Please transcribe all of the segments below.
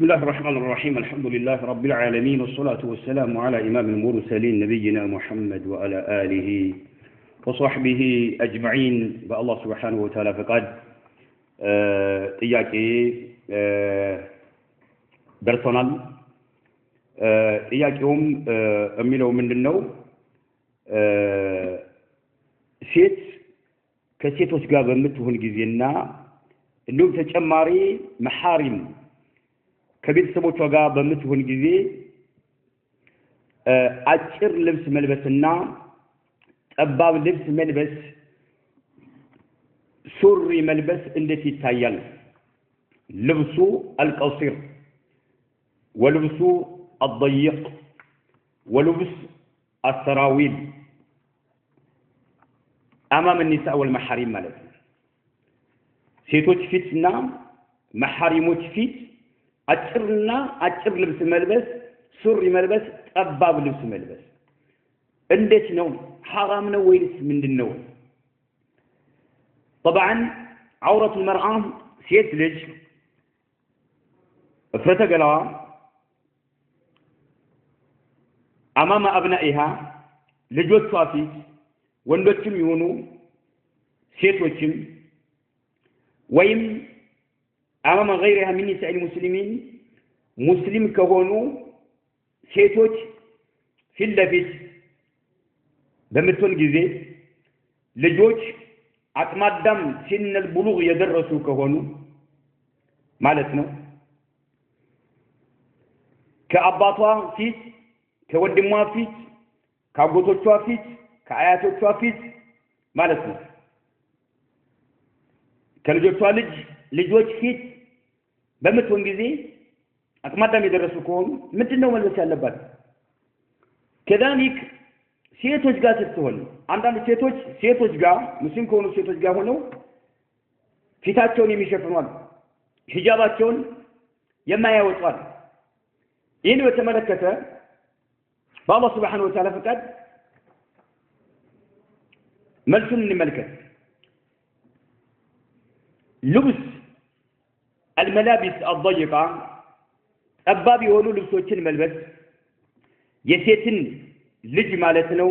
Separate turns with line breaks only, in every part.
بسم الله الرحمن الرحيم الحمد لله رب العالمين والصلاة والسلام على إمام المرسلين نبينا محمد وعلى آله وصحبه أجمعين بالله سبحانه وتعالى فقد ጥያቄ إياكي أم የሚለው ምንድን النو سيت كسيت ጋር በምትሆን ጊዜና النوم ተጨማሪ محارم ከቤተሰቦቿ ጋር በምትሆን ጊዜ አጭር ልብስ መልበስና ጠባብ ልብስ መልበስ፣ ሱሪ መልበስ እንዴት ይታያል? ልብሱ አልቀሲር ወልብሱ አልደይቅ ወልብስ አሰራዊል አማም ኒሳ ወልመሐሪም ማለት ነው። ሴቶች ፊትና መሐሪሞች ፊት አጭርና አጭር ልብስ መልበስ፣ ሱሪ መልበስ፣ ጠባብ ልብስ መልበስ እንዴት ነው? ሐራም ነው ወይስ ምንድን ነው? ጠብዓን ዐውረቱል መርአ ሴት ልጅ እፍረተ ገላዋ አማማ አብናኢሃ ልጆቿ ፊት ወንዶችም ይሆኑ ሴቶችም ወይም አማማ ገይሪሃ ሚን ኒሳኢል ሙስሊሚን ሙስሊም ከሆኑ ሴቶች ፊት ለፊት በምትሆን ጊዜ ልጆች አጥማዳም ሲነል ቡሉግ የደረሱ ከሆኑ ማለት ነው። ከአባቷ ፊት፣ ከወንድሟ ፊት፣ ከአጎቶቿ ፊት፣ ከአያቶቿ ፊት ማለት ነው። ከልጆቿ ልጅ ልጆች ፊት በምትሆን ጊዜ አቅማዳም የደረሱ ከሆኑ ምንድን ነው መልበስ ያለባት? ከዛሊክ ሴቶች ጋር ስትሆን አንዳንድ ሴቶች ሴቶች ጋር ሙስሊም ከሆኑ ሴቶች ጋር ሆነው ፊታቸውን የሚሸፍኗል፣ ሂጃባቸውን የማያወጧል። ይህን በተመለከተ በአላህ ስብሓነ ወተዓላ ፈቃድ መልሱን እንመልከት። ልብስ አልመላቢስ አደይቃ ጠባብ የሆኑ ልብሶችን መልበስ የሴትን ልጅ ማለት ነው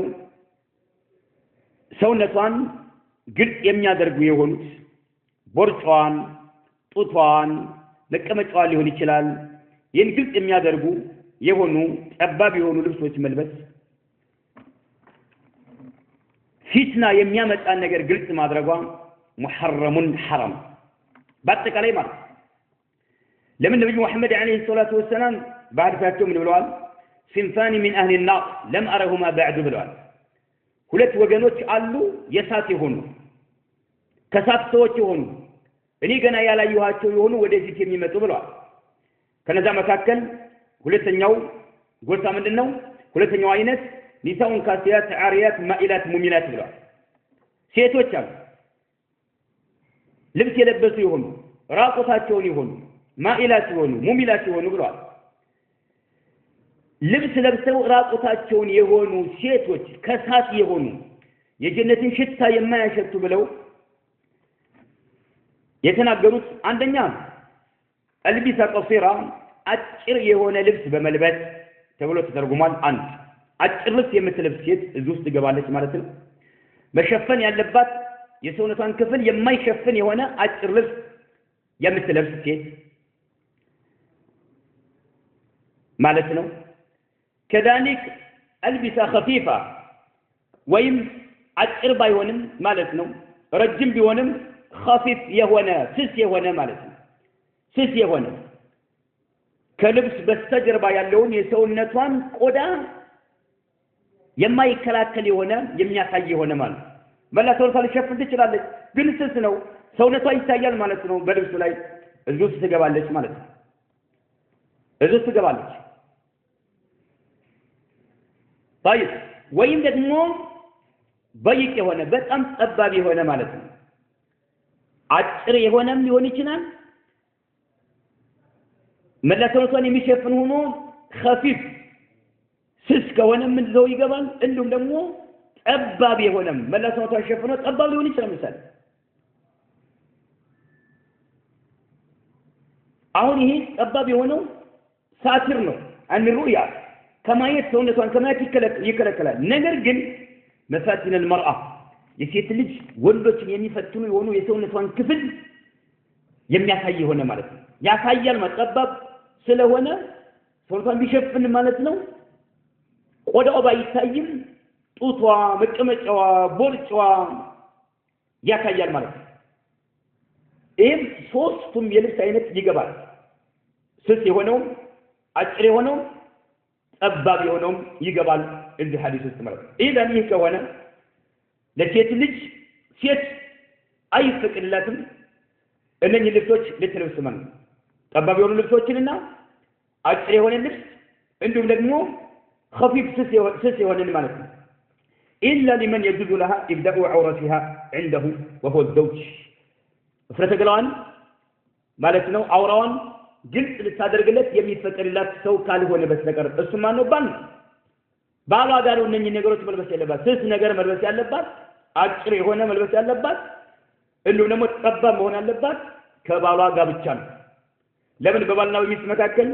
ሰውነቷን ግልጽ የሚያደርጉ የሆኑት ቦርጫዋን፣ ጡቷን፣ መቀመጫዋን ሊሆን ይችላል። ይህን ግልጽ የሚያደርጉ የሆኑ ጠባብ የሆኑ ልብሶች መልበስ ፊትና የሚያመጣን ነገር ግልጽ ማድረጓ ሙሐረሙን ሐራም በአጠቃላይ ማለት ነው። ለምን ነብዩ መሐመድ አለይሂ ሰላቱ ወሰላም በሐዲሳቸው ምን ብለዋል? ሲንፋኒ ሚን አህሊ ናር ለም አረሁማ ባዕዱ ብለዋል። ሁለት ወገኖች አሉ የእሳት የሆኑ ከሳት ሰዎች የሆኑ እኔ ገና ያላየኋቸው የሆኑ ወደፊት የሚመጡ ብለዋል። ከነዛ መካከል ሁለተኛው ጎሳ ምንድን ነው? ሁለተኛው አይነት ኒሳውን ካሲያት፣ አርያት ማኢላት፣ ሙሚላት ብለዋል። ሴቶች አሉ ልብስ የለበሱ የሆኑ ራቁታቸውን የሆኑ ማኢላ ሲሆኑ ሙሚላ ሲሆኑ ብለዋል። ልብስ ለብሰው ራቁታቸውን የሆኑ ሴቶች ከሳት የሆኑ የጀነትን ሽታ የማያሸቱ ብለው የተናገሩት አንደኛ አልቢሳ ቀሲራ አጭር የሆነ ልብስ በመልበስ ተብሎ ተተርጉሟል። አንድ አጭር ልብስ የምትለብስ ሴት እዚህ ውስጥ ትገባለች ማለት ነው። መሸፈን ያለባት የሰውነቷን ክፍል የማይሸፍን የሆነ አጭር ልብስ የምትለብስ ሴት ማለት ነው። ከዳሊክ አልቢሳ ኸፊፋ ወይም አጭር ባይሆንም ማለት ነው። ረጅም ቢሆንም ኸፊፍ የሆነ ስስ የሆነ ማለት ነው። ስስ የሆነ ከልብስ በስተጀርባ ያለውን የሰውነቷን ቆዳ የማይከላከል የሆነ የሚያሳይ የሆነ ማለት ነው። በላ ሰውነቷ ልሸፍን ትችላለች፣ ግን ስስ ነው። ሰውነቷ ይታያል ማለት ነው። በልብሱ ላይ እዚህ ውስጥ ትገባለች ማለት ነው። እዚህ ውስጥ ትገባለች። طيب ወይም ደግሞ በይቅ የሆነ በጣም ጠባብ የሆነ ማለት ነው። አጭር የሆነም ሊሆን ይችላል። መላ የሚሸፍን ሆኖ ከፊፍ ስስ ከሆነ ምን ዘው ይገባል። እንዲሁም ደግሞ ጠባብ የሆነም መላ ሰውነቷን ሸፍኖ ጠባብ ሊሆን ይችላል። ምሳሌ አሁን ይሄ ጠባብ የሆነው ሳትር ነው አንሩያ ከማየት ሰውነቷን ከማየት ይከለከላል። ነገር ግን መፋቲነል መርአ የሴት ልጅ ወንዶችን የሚፈትኑ የሆኑ የሰውነቷን ክፍል የሚያሳይ የሆነ ማለት ነው። ያሳያል ጠባብ ስለሆነ ሰውነቷን ቢሸፍን ማለት ነው። ቆዳው ባይታይም ጡቷ፣ መቀመጫዋ፣ ቦርጫዋ ያሳያል ማለት ነው። ይህም ሶስቱም የልብስ አይነት ይገባል። ስስ የሆነውም አጭር የሆነውም ጠባብ የሆነውም ይገባል እዚህ ሐዲስ ውስጥ ማለት ነው። ኢዘን ይህ ከሆነ ለሴት ልጅ ሴት አይፈቅድላትም እነኚህ ልብሶች ልትለብስ ማለት ነው። ጠባብ የሆኑ ልብሶችንና አጭር የሆነ ልብስ እንዲሁም ደግሞ ኸፊፍ ስስ የሆነን ማለት ነው። ኢላ ሊመን የጁዙ ለሃ ኢብዳኡ ዐውረቲሃ ዐንደሁ ወሆ ዘውጅ እፍረተ ገላዋን ማለት ነው አውራዋን ግልጽ ልታደርግለት የሚፈቀድላት ሰው ካልሆነ በስተቀር እሱ ማን ነው ባሏ ጋር እነኚህ ነገሮች መልበስ ያለባት ስስ ነገር መልበስ ያለባት አጭር የሆነ መልበስ ያለባት እንዲሁም ደግሞ ጠባብ መሆን ያለባት ከባሏ ጋር ብቻ ነው ለምን በባልና በሚስት መካከል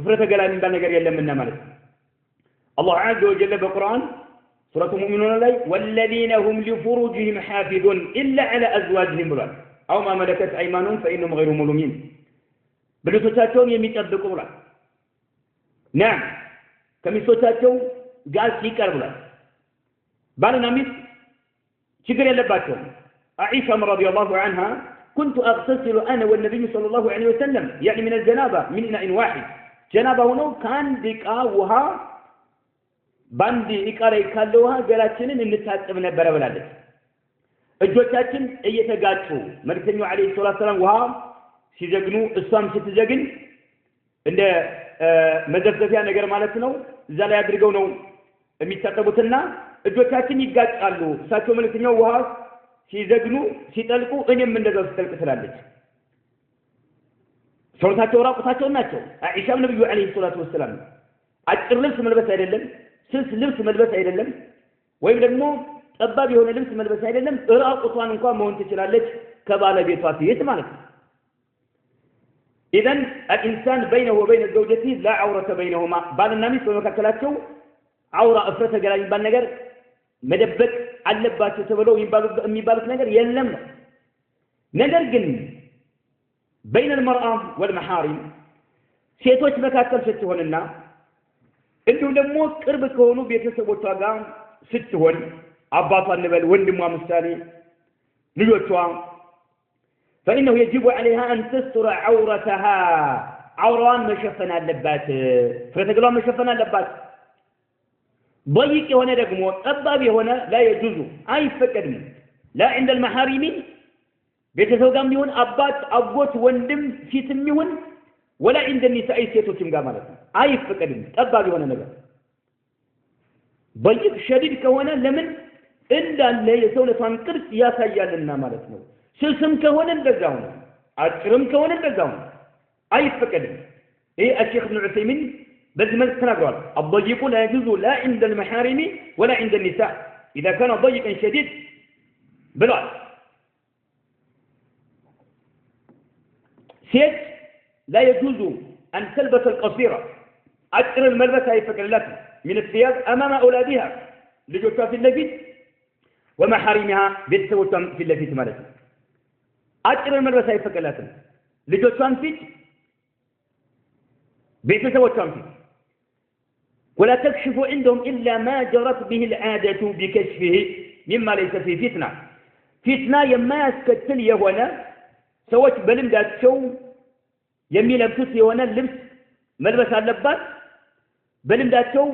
እፍረተ ገላ የሚባል ነገር የለምና ማለት ነው አላህ ዐዘ ወጀለ በቁርአን ሱረቱ ሙእሚኑን ላይ ወለዚነ ሁም ሊፉሩጅህም ሓፊዙን ኢላ ዐላ አዝዋጅህም ብሏል አው ማ መለከት አይማኑን ፈኢነሁም ገይሩ ሙሉሚን بلوتاتون يميت أبدكم رأي نعم كمي سوتاتون قال سيك أربلا بل نميت شكرا لباتون عائشة رضي الله عنها كنت أغتسل أنا والنبي صلى الله عليه وسلم يعني من الجنابة من إناء واحد جنابة هنا كان ديك آوها باندي إكارة إكالوها جلاتين من نتات ابن برا ولادت أجوتاتين إيه تقاتو عليه الصلاة والسلام وها ሲዘግኑ እሷም ስትዘግን እንደ መዘፍዘፊያ ነገር ማለት ነው። እዛ ላይ አድርገው ነው የሚታጠቡትና እጆቻችን ይጋጫሉ። እሳቸው መልእክተኛው ውሃ ሲዘግኑ ሲጠልቁ፣ እኔም እንደዛው ሲጠልቅ ትላለች። ሰውነታቸው ራቁታቸውን ናቸው። አኢሻም ነብዩ አለይሂ ሰላቱ ወሰላም አጭር ልብስ መልበስ አይደለም፣ ስልስ ልብስ መልበስ አይደለም፣ ወይም ደግሞ ጠባብ የሆነ ልብስ መልበስ አይደለም። ራቁቷን እንኳን መሆን ትችላለች ከባለቤቷ ፊት ማለት ነው። ኢዘን አልኢንሳን በይነሁ ወበይነ ዘውጀቲ ላ ዐውረተ በይነሁማ ባልና ሚስት በመካከላቸው አውራ እፍረት ገላ የሚባል ነገር መደበቅ አለባቸው ተብለው የሚባሉት ነገር የለም ነው። ነገር ግን በይነ ልመርአ ወልመሐሪም ሴቶች መካከል ስትሆንና እንዲሁም ደግሞ ቅርብ ከሆኑ ቤተሰቦቿ ጋር ስትሆን አባቷ እንበል፣ ወንድሟ ምሳሌ፣ ልጆቿ ፈኢነሁ የጅቡ ዐለይሃ አንተስቱረ ዐውረተሃ ዐውራዋን መሸፈን አለባት። ፍረተግሏን መሸፈን አለባት። ضይቅ የሆነ ደግሞ ጠባብ የሆነ ላ የጁዙ አይፈቀድም። ላ ዒንደል መሐሪሚ ቤተሰብ ጋርም ይሁን አባት፣ አጎት፣ ወንድም ፊትም ይሁን ወላ ዒንደ ኒሳኢ ሴቶችም ጋር ማለት ነው። አይፈቀድም ጠባብ የሆነ ነገር ضይቅ ሸዲድ ከሆነ ለምን እንዳለ የሰውነቷን ቅርጽ ያሳያልና ማለት ነው። سلسم كهون بزاهم أكرم كهون بزاهم أي فكرة إيه الشيخ ابن عثيمين بس ما تناقض الضيق لا يجوز لا عند المحارم ولا عند النساء إذا كان ضيقا شديد بلاد سيد لا يجوز أن تلبس القصيرة أكثر الملبس هي فكرة من الثياب أمام أولادها لجوتها في اللفت ومحارمها بالتوتم في اللفت مالتها አጭር መልበስ አይፈቀላትም። ልጆቿን ፊት፣ ቤተሰቦቿን ፊት ولا تكشف عندهم إلا ما جرت به العادة بكشفه مما ليس فيه فتنة ፊትና የማያስከትል የሆነ ሰዎች በልምዳቸው የሚለብሱት የሆነ ልብስ መልበስ አለባት። በልምዳቸው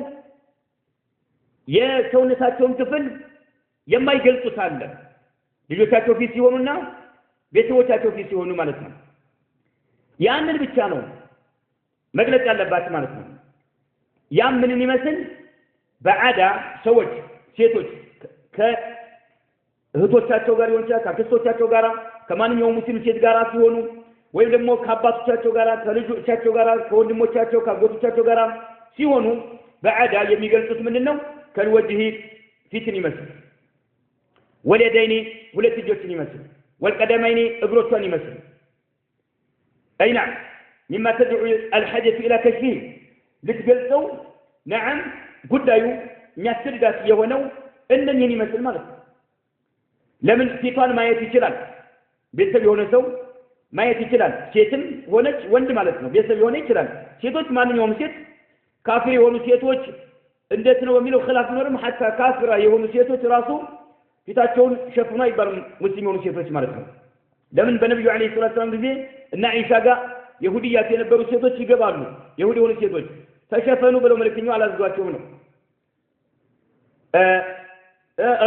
የሰውነታቸውን ክፍል የማይገልጹት አለ ልጆቻቸው ፊት ሲሆኑና ቤተሰቦቻቸው ፊት ሲሆኑ ማለት ነው። ያንን ብቻ ነው መግለጽ ያለባት ማለት ነው። ያም ምንን ይመስል በአዳ ሰዎች ሴቶች ከእህቶቻቸው ጋር ሊሆን ይችላል፣ ከክስቶቻቸው ጋር ከማንኛውም ሙስሊም ሴት ጋር ሲሆኑ ወይም ደግሞ ከአባቶቻቸው ጋር ከልጆቻቸው ጋር ከወንድሞቻቸው ከአጎቶቻቸው ጋር ሲሆኑ በአዳ የሚገልጹት ምንድን ነው? ከልወጅህ ፊትን ይመስል ወለደይኒ ሁለት እጆችን ይመስል ወልቀደመይኒ እግሮቿን ይመስል አይና ሚማ ተድዑ አልሐጀቱ ኢላ ከሽፊህ ልትገልጸው ነዓም ጉዳዩ የሚያስገድዳት የሆነው እነኝህን ይመስል ማለት ነው። ለምን ሴቷን ማየት ይችላል። ቤተሰብ የሆነ ሰው ማየት ይችላል። ሴትም ሆነች ወንድ ማለት ነው። ቤተሰብ የሆነ ይችላል። ሴቶች ማንኛውም ሴት ካፊር የሆኑ ሴቶች እንዴት ነው በሚለው ኺላፍ ቢኖርም ሐታ ካፍራ የሆኑ ሴቶች ራሱ ፊታቸውን ሸፍኑ አይባሉ ሙስሊም የሆኑ ሴቶች ማለት ነው። ለምን በነቢዩ ዓለይሂ ሰላቱ ሰላም ጊዜ እና ዒሻ ጋር የሁድያት የነበሩ ሴቶች ይገባሉ። የሁድ የሆኑ ሴቶች ተሸፈኑ ብለው መልክተኛው አላዝዟቸውም ነው።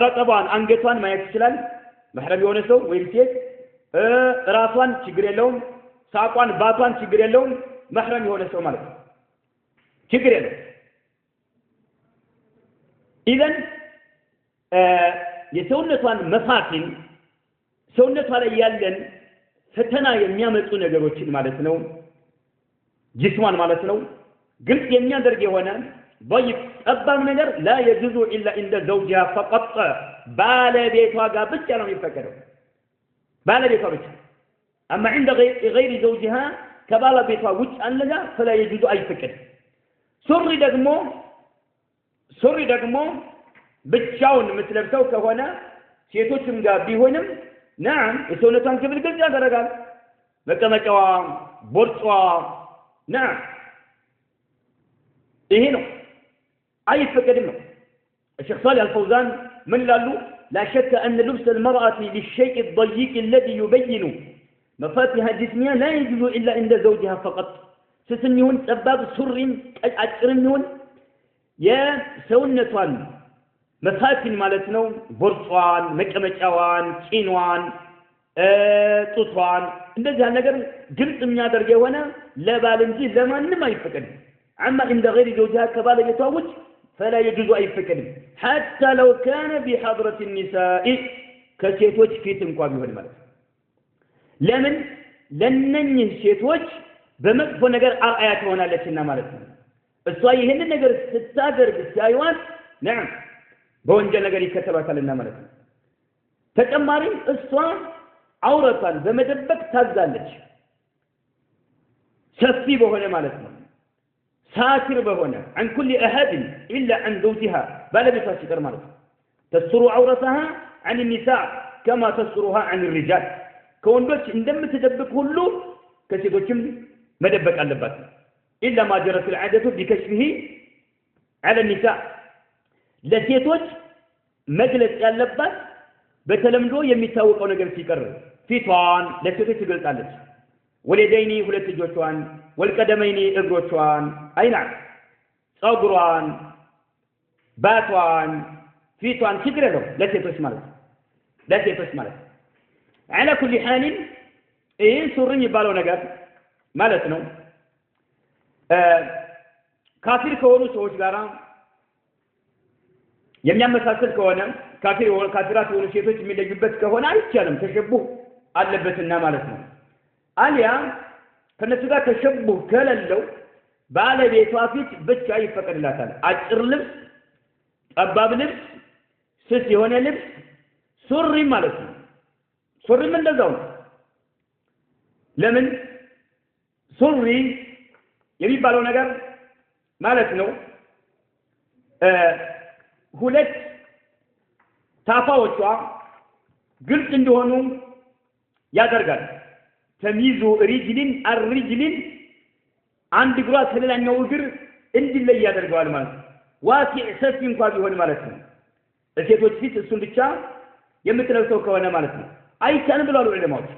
ረቀቧን አንገቷን ማየት ይችላል መሕረም የሆነ ሰው ወይም ሴት ራሷን ችግር የለውም። ሳቋን ባቷን ችግር የለውም። መሕረም የሆነ ሰው ማለት ነው ችግር የለውም። ኢዘን የሰውነቷን መፋትን ሰውነቷ ላይ ያለን ፈተና የሚያመጡ ነገሮችን ማለት ነው ጅስሟን ማለት ነው ግልጽ የሚያደርግ የሆነ ضيق ጠባብ ነገር ላ የጁዙ ኢላ እንደ ዘውጅሃ ፈቀጥ ባለቤቷ ጋር ብቻ ነው የሚፈቀደው ባለቤቷ ብቻ አማ ዕንደ ገይሪ ዘውጅሃ ከባለቤቷ ውጭ አለ ጋር ፈላ የጁዙ አይፈቀድም ሱሪ ደግሞ ሱሪ ደግሞ ብቻውን የምትለብሰው ከሆነ ሴቶችም ጋር ቢሆንም ናም የሰውነቷን ክፍል ግልጽ ያደረጋል። መቀመጫዋ፣ ቦርጿ ናም ይሄ ነው። አይፈቀድም ነው። الشيخ صالح الفوزان من قال له لا شك أن لبس المرأة للشيء الضيق الذي يبين مفاتها الجسمية لا يجوز إلا عند زوجها فقط ستنيون سباب سر أجرنيون يا سونة መሳኪን ማለት ነው ቦርጿን፣ መቀመጫዋን፣ ጪኗን፣ ጡቷን እንደዚህ ነገር ግልጽ የሚያደርግ የሆነ ለባል እንጂ ለማንም አይፈቀድም። አማ እንደ ገይሪ ዘውጅሃ ከባለቤቷ ውጭ ፈላ የጁዙ አይፈቀድም። ሐታ ለው ካነ ቢሐድረት ኒሳኢ ከሴቶች ፊት እንኳ ቢሆን ማለት ነው። ለምን ለነኝህ ሴቶች በመጥፎ ነገር አርአያ ትሆናለችና ማለት ነው። እሷ ይህንን ነገር ስታደርግ ሲያዩዋት ነዓም በወንጀል ነገር ይከተሏታልና ማለት ነው። ተጨማሪም እሷ አውረቷን በመደበቅ ታዛለች፣ ሰፊ በሆነ ማለት ነው። ሳትር በሆነ عن كل أحد إلا عن زوجها ባለቤቷ ሲቀር ማለት ነው። ተስሩ አውረተሃ عن النساء كما تسترها عن الرجال ከወንዶች እንደምትደብቅ ሁሉ ከሴቶችም መደበቅ አለባት። إلا ما جرت العادة بكشفه على النساء ለሴቶች መግለጽ ያለባት በተለምዶ የሚታወቀው ነገር ሲቀር ፊቷን ለሴቶች ትገልጻለች። ወለደይኒ ሁለት እጆቿን፣ ወልቀደመይኒ እግሮቿን፣ አይና ጸጉሯን፣ ባቷን፣ ፊቷን ችግር የለው ለሴቶች ማለት ለሴቶች ማለት አላ ኩሊ ሓሊን ይህ ሱሪ የሚባለው ነገር ማለት ነው ካፊር ከሆኑ ሰዎች ጋራ የሚያመሳሰል ከሆነ ካፊር ካፊራት የሆኑ ሴቶች የሚለዩበት ከሆነ አይቻልም፣ ተሸቡህ አለበትና ማለት ነው። አሊያ ከነሱ ጋር ተሸቡህ ከሌለው ባለቤቷ ፊት ብቻ ይፈቀድላታል። አጭር ልብስ፣ ጠባብ ልብስ፣ ስስ የሆነ ልብስ፣ ሱሪ ማለት ነው። ሱሪም እንደዛው ነው። ለምን ሱሪ የሚባለው ነገር ማለት ነው ሁለት ታፋዎቿ ግልጽ እንዲሆኑ ያደርጋል። ተሚዙ ሪጅሊን አሪጅሊን አንድ እግሯ ከሌላኛው እግር እንዲለይ ያደርገዋል ማለት ነው። ዋሲዕ ሰፊ እንኳ ቢሆን ማለት ነው። በሴቶች ፊት እሱን ብቻ የምትለብሰው ከሆነ ማለት ነው። አይቻልም ብለዋል ዑለማዎች።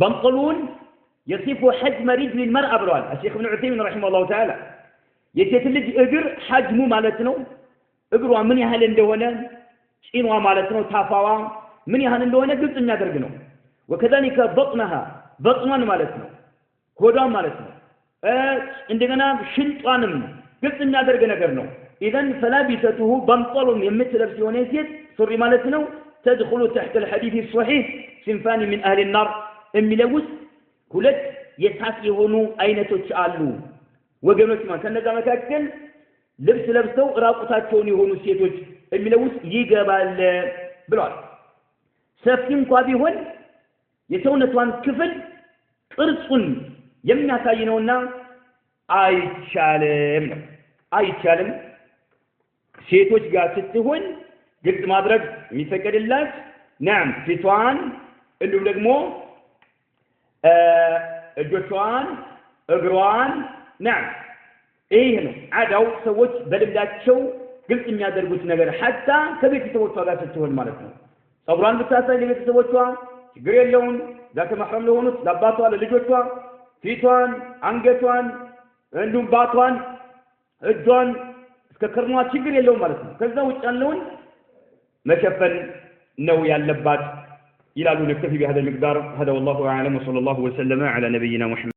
በንቅሉን የሲፉ ሐጅመ ሪጅል መርአ ብለዋል አሼክ እብን ዑሰይሚን ረሒመሁላሁ ተዓላ يتتلج اجر حجمه مالتنو اجر ومن يهل اندهونا شئنوا مالتنو تافاوا من يهل اندهونا قلت ان يدرقنو وكذلك بطنها بطنان مالتنو هدان مالتنو اه اندهنا شنطانم قلت ان يدرقنا قرنو اذا فلابسته بمطل يمثل ارسيونيسيس سر مالتنو تدخل تحت الحديث الصحيح سنفان من اهل النار ام لوس كلت يتاسي أين اينتو ወገኖች ማለት ከነዛ መካከል ልብስ ለብሰው ራቁታቸውን የሆኑ ሴቶች የሚለው ይገባል ብሏል። ሰፊ እንኳ ቢሆን የሰውነቷን ክፍል ቅርጹን የሚያሳይ ነውና አይቻልም ነው አይቻልም። ሴቶች ጋር ስትሆን ግልጽ ማድረግ የሚፈቀድላት ናም ፊቷን፣ እንዲሁም ደግሞ እጆቿን፣ እግሯን ናም ይህ ነው አዳው ሰዎች በልምዳቸው ግልጽ የሚያደርጉት ነገር ሀታ ከቤተሰቦቿ ጋር ስትሆን ማለት ነው። ጸጉሯን ብታሳይ ለቤተሰቦቿ ችግር የለውም። ዛተ መሕረም ለሆኑት ለአባቷ፣ ለልጆቿ ፊቷን፣ አንገቷን፣ እንዲሁም ባቷን፣ እጇን እስከ ከርሟ ችግር የለውም ማለት ነው። ከዛ ውጭ ያለውን መሸፈን ነው ያለባት ይላሉ። ነክተፊ ቢሀደ ልሚቅዳር ሀደ ወላሁ አዕለም ወሰለላሁ ወሰለመ ዐላ ነቢይና ሙሐመድ